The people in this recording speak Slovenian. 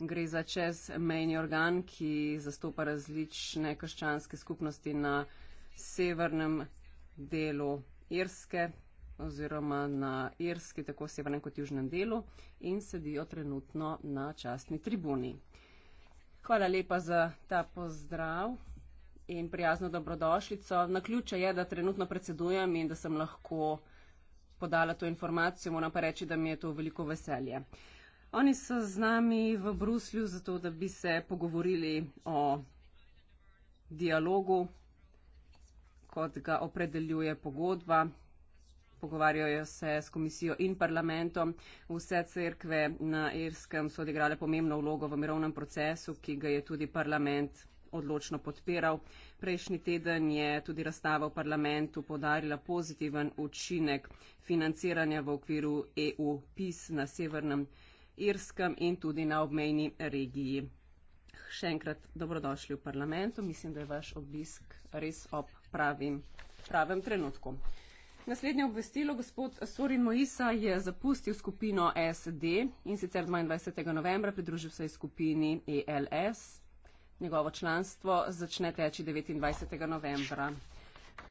Gre za čezmejni organ, ki zastopa različne krščanske skupnosti na severnem delu Irske oziroma na Irski, tako severnem kot južnem delu in sedijo trenutno na častni tribuni. Hvala lepa za ta pozdrav in prijazno dobrodošlico. Naključe je, da trenutno predsedujem in da sem lahko podala to informacijo, moram pa reči, da mi je to veliko veselje. Uh, Oni so z nami v Bruslju, zato da bi se pogovorili o dialogu, kot ga opredeljuje pogodba. Pogovarjajo se s komisijo in parlamentom. Vse crkve na Irskem so odigrale pomembno vlogo v mirovnem procesu, ki ga je tudi parlament odločno podpiral. Prejšnji teden je tudi razstava v parlamentu podarila pozitiven učinek financiranja v okviru EU PIS na severnem. Irskem in tudi na obmejni regiji. Še enkrat dobrodošli v parlamentu. Mislim, da je vaš obisk res ob pravim, pravem trenutku. Naslednje obvestilo. Gospod Sorin Moisa je zapustil skupino SD in sicer 22. novembra pridružil se je skupini ELS. Njegovo članstvo začne teči 29. novembra.